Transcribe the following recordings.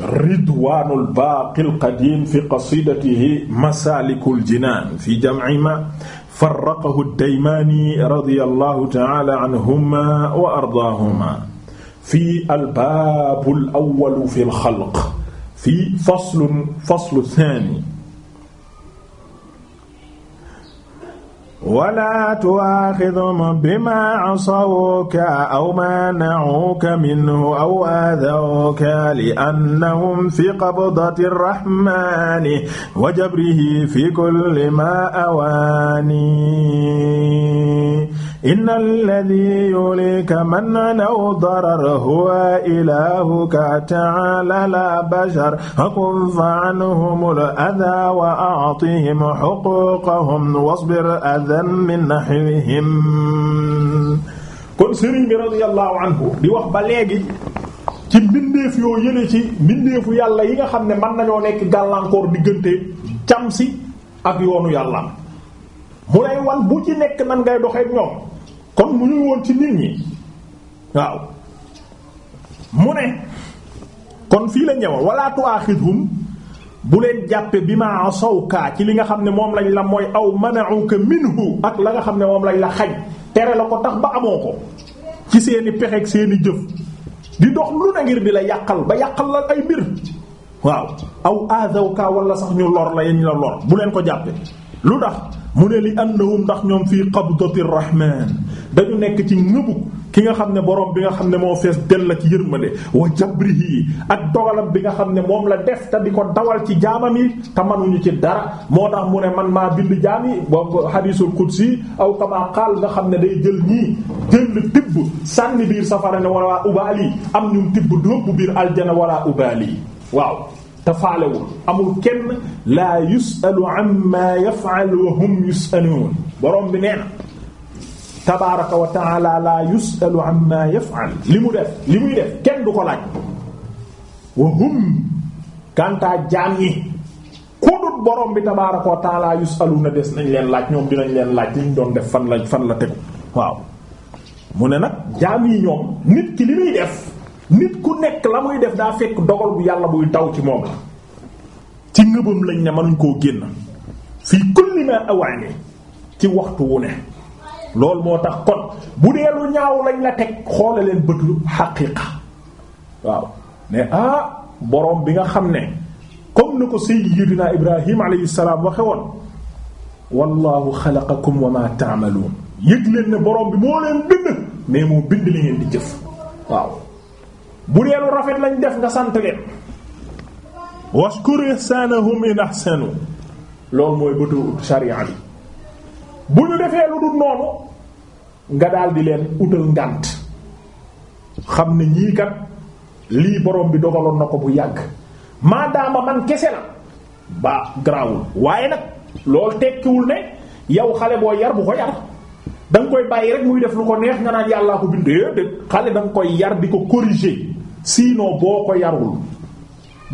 ridwaanul baaqil qadiim fi qasiidatihi masaalikul jinaan fi jam'i maa farraqahu ad-Daymaani radiyallahu ta'aala anhumaa wa ardaahumaa fi al-baabul awwal fi al-xalq fi faslun faslu saani wala tu'aaxidhum bimaa asawka aw maana'uka minhu aw aadawka li'annahum fi qabdati rahmaani wa jabrihi fi kulli maa awaani inna alladhi yulika man law darar huwa ilahuka ta'ala la bashar kun fa'anhum al-adha wa a'tihim huquqahum wasbir adhan min nahwihim kon sëriñ bi radiyallahu anhu di wax ba léegi ci mbindeef yoo yële ci mbindeefu yàlla yi nga xam ne mën nañoo nekk gàllankoor diggante cam si ak yoonu yàlla mu lay wan bu ci nekk nan ngay doxeek ñoom kon mu ñu woon ci nit ñi waaw mu ne kon fii la ñëwoon wala tu'akhidhum bu leen jàppe bi ma sow kaa ci li nga xam ne moom lañ la mooy aw mana'uka minhu ak la nga xam ne moom lañ la xañ tere la ko tax ba amoo ko ci seeni pexe ak seeni jëf di dox lu na ngir di la yàqal ba yàqal la ay mbir waaw aw azawka wala sax ñu lor la yañ la lor bu leen ko jàppe lu tax mu ne li annahum ndax ñoom fii qabdati rahman dañu nekk ci ngëbug ki nga xam ne borom bi nga xam ne moo fees del la ci yërmande wa jabrihi ak dogalam bi nga xam ne moom la def te di ko dawal ci jaamam yi te manuñu ci dara moo tax mu ne man maa bind jaam yi boobu hadisul qudsi aw kama qaal nga xam ne day jël ñii jël tibb sànni biir safara ne wala ubaali am ñun tibb dóobu biir aljana wala ubaali waaw te faalewul amul kenn laa yusalu amma yaf'al wa hum yusaluun borom bi nee na tabaraka wa taala laa yusalu amma yaf'al li mu def li muy def kenn du ko laaj yi kudut borom bi tabaraka wa taala yusaluuna des nañ leen laaj ñoom dinañ leen laaj liñ doon def fan la fan la tegu waaw mu ne nag jaam yi ñoom nit ki li muy def nit ku nekk la muy def daa fekk dogal bu yàlla buy taw ci moom la ci ngëbam lañ ne mënuñ koo génn fii kulli ma awaani ci waxtu wu ne loolu moo tax kon bu dee lu ñaaw lañ la teg xoole leen bëtu xaqiiqa waaw ne ah boroom bi nga xam ne comme ni ko sayyidina Ibrahim alayhi salaam waxe woon wallahu xalaqakum wa ma ta'malun yëg leen ne boroom bi moo leen bind mais moo bind li ngeen di jëf waaw bu dee lu rafet lañ def nga sant leen washkur ihsanahum in ahsanu loolu mooy bëtu sharia bi bu ñu defee lu dul noonu nga daal leen utal ngànt xam ne ñii kat lii borom bi dogaloon na ko bu yàgg maadaama man kese la ba garaawul waaye nag loolu tekkiwul ne yow xale boo yar bu ko yar da koy bàyyi rek muy def lu ko neex nga naan yàllaa ko bindee dé xale danga koy yar di ko corriger sinon boo ko yarul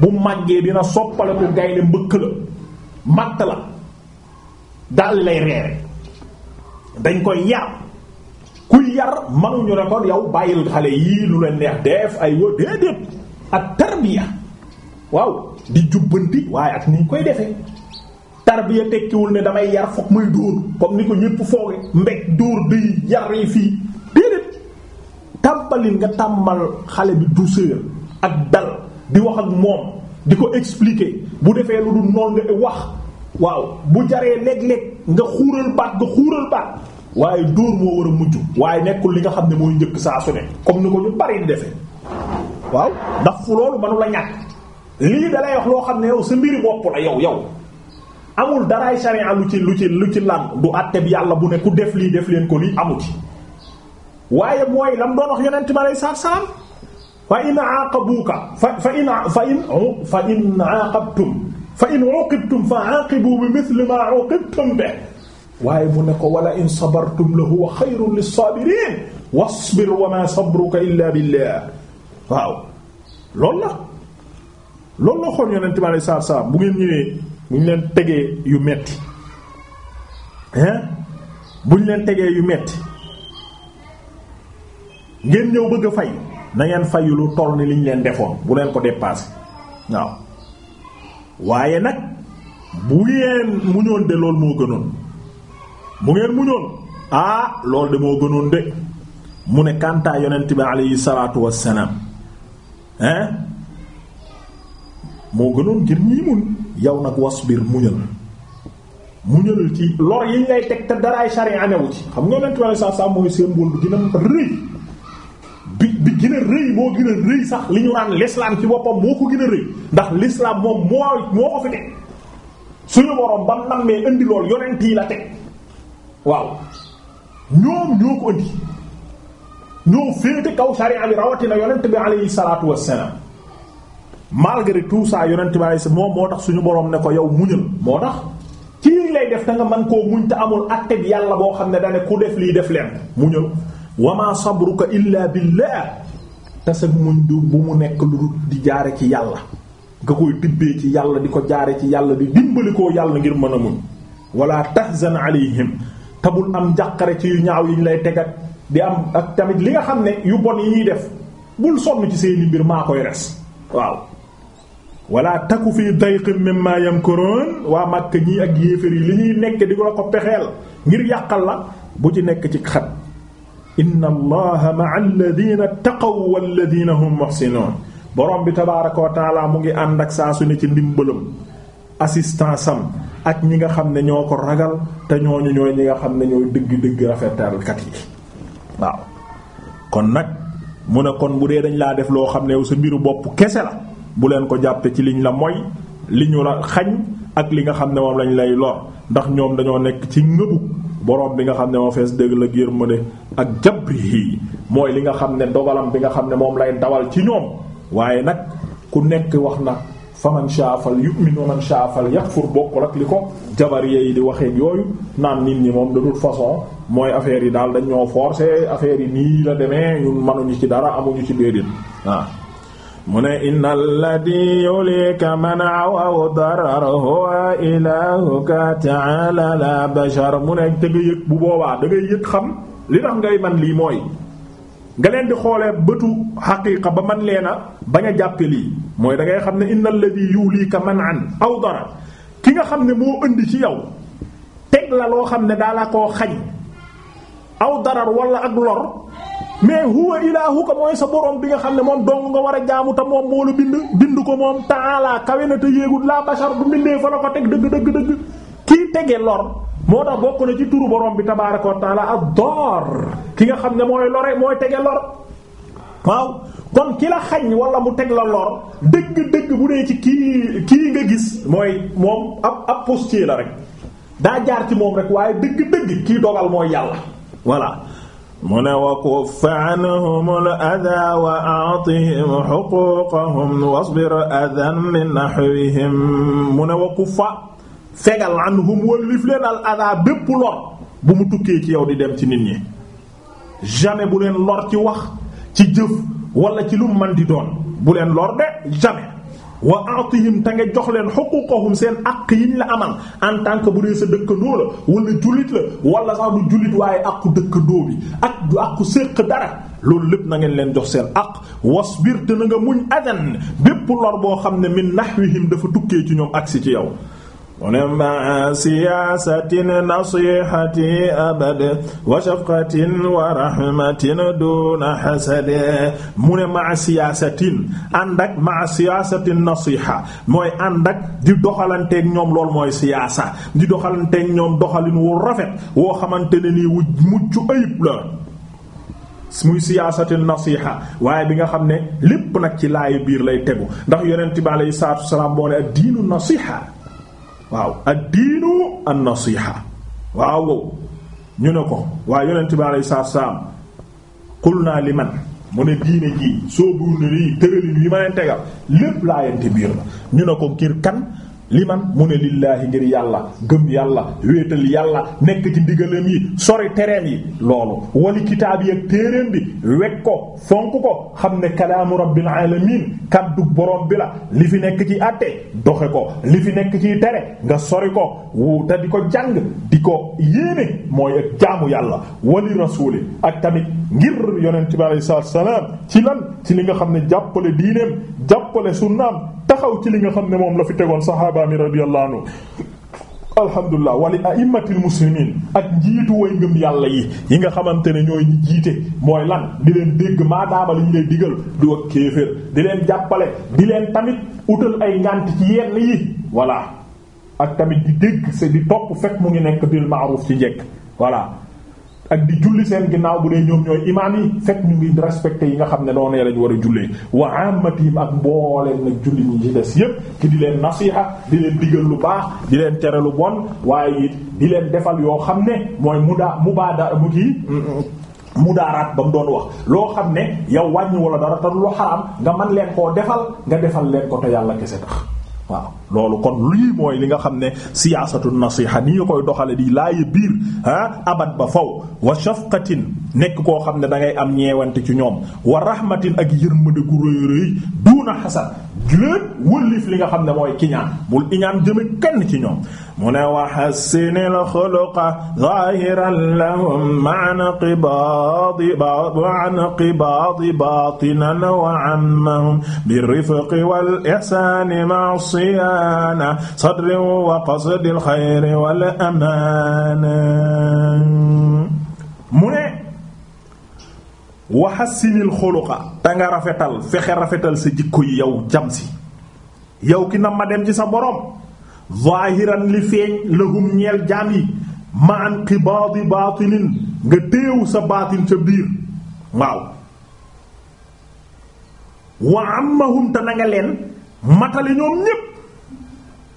bu màggee dina soppale ko gaynde mbëkk la matt la daal lay reere dañ koy yar ku yar manuñu ne kon yow bàyyil xale yii lu leen neex def ay wa déedéet ak tarbiya waaw di jubbanti waaye ak ni koy defee tarbiya tekkiwul ne damay yar foog muy dóor comme ni ko ñépp fooge mbeg dóor bi yar yi fii déedéet tàmbalin nga tàmbal xale bi douceur ak dal di wax ak moom di ko expliquer bu defee lu dul noon wax waaw bu jaree léeg-léeg nga xuural baat nga xuural baat waaye dóor moo war a mujj waaye nekkul li nga xam ne mooy njëkk saa su ne comme ni ko ñu bari di defe waaw ndax fu loolu mënu la ñàkk lii dalay wax loo xam ne yow sa mbiri bopp la yow yow amul daraay sharia lu ci lu ci lu ci du àtte bi yàlla bu ne def lii def leen ko lii amu ci waaye mooy lam doon wax yonent bi aleyhi salaatu salaam fa in aaqabuuka fa fa aaqabtum fa in bi mithli ma uqibtum bi waaye bu ne wala in sabartum la huwa xayrun lis-saabiriin wasbir wa maa sabruka illaa billah waaw loolu la loolu la xool yonent bi aleyhi salaatu bu ngeen ñëwee bu ñu leen tegee yu metti hein bu ñu leen tegee yu metti ngeen ñëw bëgg a fay na ngeen fayu lu toll ni liñ leen defoon bu leen ko dépassé waaw waaye nag bu ngeen muñoon de loolu moo gënoon bu ngeen muñoon ah loolu de moo gënoon de mu ne kantaa yonent bi alayhi salaatu wassalaam hein moo gënoon ngir ñii mun yow nag biir muñal muñal ci lor yi ngay teg te daraay sharia newu ci xam nga yonent bi saa saa mooy symbole bi gën a rëy bi bi gën rëy moo gën rëy sax li ñu naan l'islam ci boppam moo ko gën rëy ndax l'islam moom moo moo ko fi teg suñu borom ba nammee indi lool yonent yi la teg waaw ñoom ñoo ko indi ñoo féete kaw sharia bi rawatina yonent bi alayhi salaatu wassalaam malgré tout ça yonent bi sa moom moo tax suñu borom ne ko yow muñal moo tax ci lii lay def da nga mën koo muñ te amul àtte yàlla boo xam ne da ne ku def lii def leen muñal wa ma sabruka illa billah te sa muñ du bu mu nekk lu di jaare ci yàlla nga koy tibbee ci yàlla di ko jaare ci yàlla di dimbalikoo yàlla ngir mën a muñ wala tahzan alayhim te bul am njàqare ci yu ñaaw yi lay tegat di am ak tamit li nga xam ne yu bon yi ñuy def bul sonn ci seeni mbir maa koy res waaw wala taku fi dayqin mimma yamkurun waa màkk ñii ak yéefar yi li ñuy nekk di ko ko pexeel ngir yàqal la bu ci nekk ci xat inna allaha ma'a alladhina taqaw walladhina hum muhsinun borom bi tabaaraka wa taala mu ngi ànd ak saa su ne ci ndimbalam assistance ak ñi nga xam ne ñoo ko ragal te ñooñu ñooy ñi nga xam ne ñoo dëgg dëgg rafetalkat yi waaw kon nag mu ne kon bu dee dañ laa def loo xam ne yow sa mbiru bopp kese la bu leen ko jàppee ci liñ la moy li ñu la xañ ak li nga xam ne moom lañu lay lor ndax ñoom dañoo nekk ci ngëbu boroom bi nga xam ne moo fees dégg la giir mu ne ak jabrihi mooy li nga xam ne dogalam bi nga xam ne moom lay dawal ci ñoom waaye nag ku nekk wax na fa man sha'a falyu'min wa man sha'a falyakfur bokkul ak li ko jabar yi di waxeeg yooyu naan nit ñi moom de toute mooy affaire yi daal dañ ñoo forcer affaire yi nii la demee ñun mënuñu ci dara amuñu ci déedéet waaw mu ne inna di yulika manaaw aw darar huwa ilahuka ta'ala bashar mu ne te yëg bu boobaa da yëg xam li tax ngay man lii mooy nga leen di xoolee bëtu xaqiiqa ba man leen a bañ a jàppe lii mooy dangay xam ne inna alladi yulika man'an aw darar ki nga xam ne moo indi ci yow teg la loo xam ne daa la koo xañ aw darar walla ak lor mais huwa ko mooy sa borom bi nga xam ne moom dong nga war a jaamu te moom moo la bind bind ko moom ta'ala kawe na te yéegul laa bashar bu bindee fa la ko teg dëgg dëgg dëgg kii tege lor moo tax bokk na ci turu borom bi tabaaraka wa ta'ala ad-dar ki nga xam ne mooy lore mooy tege lor waaw kon ki la xañ wala mu teg la lor dëgg-dëgg bu dee ci kii kii nga gis mooy moom ab ab postier la rek daa jaar ci moom rek waaye dëgg-dëgg kii dogal mooy yàlla voilà mu ne wa kuff anhum al adaa wa aatihim xuquuqahum wasbir adan li naxwihim mu ne wa kuffa fegal anhum wallif leen al bépp lor bu mu tukkee ci yow di dem ci nit ñi jamais bu leen lor ci wax ci jëf wala ci lu mën di doon bu leen lor de jamais wa a'tihim te nga jox leen huquqahum seen àq yiñ la amal en tant que bu dee sa dëkkandoo la wala jullit la wala sax du jullit waaye àqu dëkkandoo bi ak du àqu séq dara loolu lépp na ngeen leen jox seen àq wasbir te na nga muñ adan bépp lor boo xam ne min nahwihim dafa tukkee ci ñoom agsi ci yow mu ne maa siyaasatin nasihati abad wa shafqatin wa rahmatin duna hasade mu ne maa siyaasatin ànd ak maa siyaasatin nasiha mooy ànd ak di doxalanteeg ñoom lool mooy siyaasa di doxalanteeg ñoom doxalin wu rafet woo xamante ne nii wu mucc ayib la muy siyaasati nasiha waaye bi nga xam ne lépp nag ci laayi biir lay tegu ndax yeneen bi alayhi salaatu wa salaam boo ne ak diinu nasiha waaw addiinu an nasiha waaw ñu ne ko waa yonent bi alayhi salaatu salaam qul naa li man mu ne diine jii soo buur ne lii tëralin yi ma leen tegal lépp laayante biir la ñu ne ko kiir kan li man mu ne lillaahi ngir yàlla gëm yàlla wéetal yàlla nekk ci ndigalam yi sori tereem yi loolu wali kitaab yi ak téeréem bi wek ko fonk ko xam ne kalaamu rabbil alamin kàddu borom bi la li fi nekk ci àtte doxe ko li fi nekk ci tere nga sori ko wu te di ko jàng di ko yéene mooy ak jaamu yàlla wali rasuuli ak tamit ngir yonent bi alayhi salaam ci lan ci li nga xam ne jàppale diineem jàppale sunnaam taxaw ci li nga xam ne moom la fi tegoon saxaaba mi radiyallahu anhu alhamdulilah wali a'immatil ak njiitu way ngëm yàlla yi yi nga xamante ne ñooy ñi jiite mooy lan di leen dégg maadaama li ñu lay digal du ak kéeféer di leen jàppale di leen tamit utal ay ngànt ci yenn yi voilà ak tamit di dégg c'est di topp fekk mu ngi nekk bil ma'ruf ci njekk voilà ak di julli seen ginnaaw bu dee ñoom ñooy imaam yi fekk ñu ngi respecté yi nga xam ne noonu lañ war a jullee wa ammatihim ak mbooleen nag julli ñi ci des yépp ki di leen nasiha di leen digal lu baax di leen tere lu bon waaye di leen defal yoo xam ne mooy mudaa mubaada mu kii mudaaraat ba mu doon wax loo xam ne yow wàññi wala dara te lu xaraam nga man leen koo defal nga defal leen ko te yàlla kese tax waaw loolu kon lii mooy li nga xam ne siyaasatu nasiha ni nga koy doxalee di laayi biir ah abat ba faw wa shafqatin nekk koo xam ne da ngay am ñeewante ci ñoom wa rahmatin ak yërmande gu rëy rëy duuna xasan lépp wëllif li nga xam ne mooy kiñaan bul iñaan jëme kenn ci ñoom mu ne wa xassinil xuluqa zahiran lahum ma'an qibaadi ma'an qibaadi baatinan wa ammahum birrifqi wal ihsaani ma'a siyaana sadrin wa qasdil xayri wal amaana mu ne waxasinil xuluqa te danga rafetal fexe rafetal sa jikko yi yow jam si yow ki na ma dem ci sa borom zahiran li feeñ lahum ñeel jaam yi ma an qibaadi baatinin nga téew sa baatin sa biir waaw wa ammahum te na nga leen matale ñoom ñépp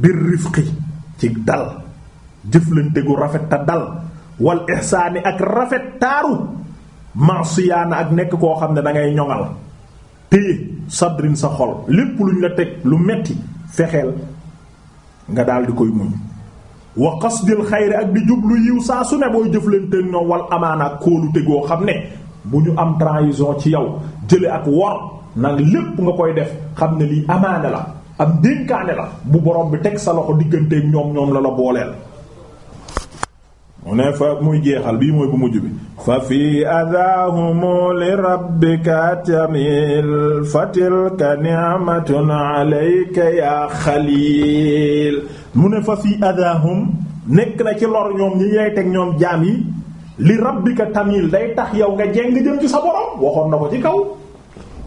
bir rifqi ci dal jëflante gu rafet te dal wal ihsaani ak rafet taaru masiyaana ak nekk koo xam ne da ngay ñoŋal téye sadrin sa xol lépp luñ la teg lu metti fexeel nga daal di koy muñ wa qasdil xayri ak di jublu yiw saa su ne booy jëflante ñoom wal amaana ak kóolute goo xam ne bu ñu am trahison ci yow jële ak wor nag lépp nga koy def xam ne lii amaana la am dénkaane la bu borom bi teg sa loxo digganteeg ñoom ñoom la la booleel mu ne fa muy jeexal bii mooy bu mujj bi fa fi adahumu li rabbika tamil fa tilka ni'matun alayka yaa xaliil mu ne fa fi adahum nekk na ci lor ñoom ñi ngay teg ñoom jaam yi li rabbika tamil day tax yow nga jeng jëm ci sa borom waxoon na ko ci kaw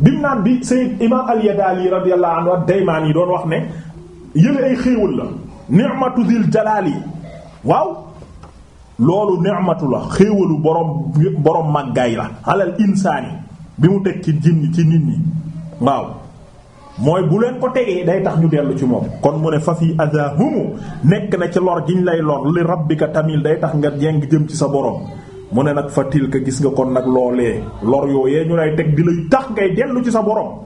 bim naan bi sayyid imam al-Yadali radiyallahu anhu ad-Daymaani doon wax ne yële ay xéewal la ni'matu dhil jalaali waaw loolu ni'matu la xéewalu borom borom màggaay la alal insaani bi mu teg ci jinni ci nit ñi waaw mooy bu leen ko tegee day tax ñu dellu ci moom kon mu ne fa fi adahumu nekk na ci lor jiñ lay lor li rabbika tamil day tax nga jeng jëm ci sa borom mu ne nag fa tilka gis nga kon nag loolee lor yooyee ñu lay teg di lay tax ngay dellu ci sa borom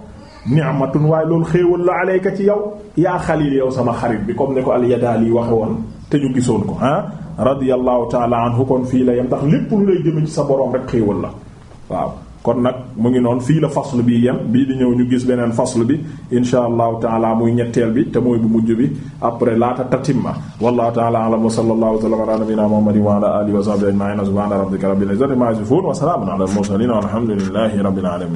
ni'matun waaye loolu xéewal la aleyka ci yow yaa xalil yow sama xarit bi comme ne ko al yadaali waxe woon te ñu gisoon ko ah radiyallahu taala anhu kon fii la yem ndax lépp lu lay jëm ci sa borom rek xéewal la waaw kon nag mu ngi noon fii la fasl bi yem bii di ñëw ñu gis beneen fasl bi insha allahu taala muy ñetteel bi te mooy bu mujj bi après laata tatimma wallahu taala alam wa sallallahu sallam ala nabina muhammadin wa ala alihi wa sahbihi ajma'in subhana rabbika rabbil izzati ma yasifun wa salamun ala al mursalin walhamdulillahi rabbil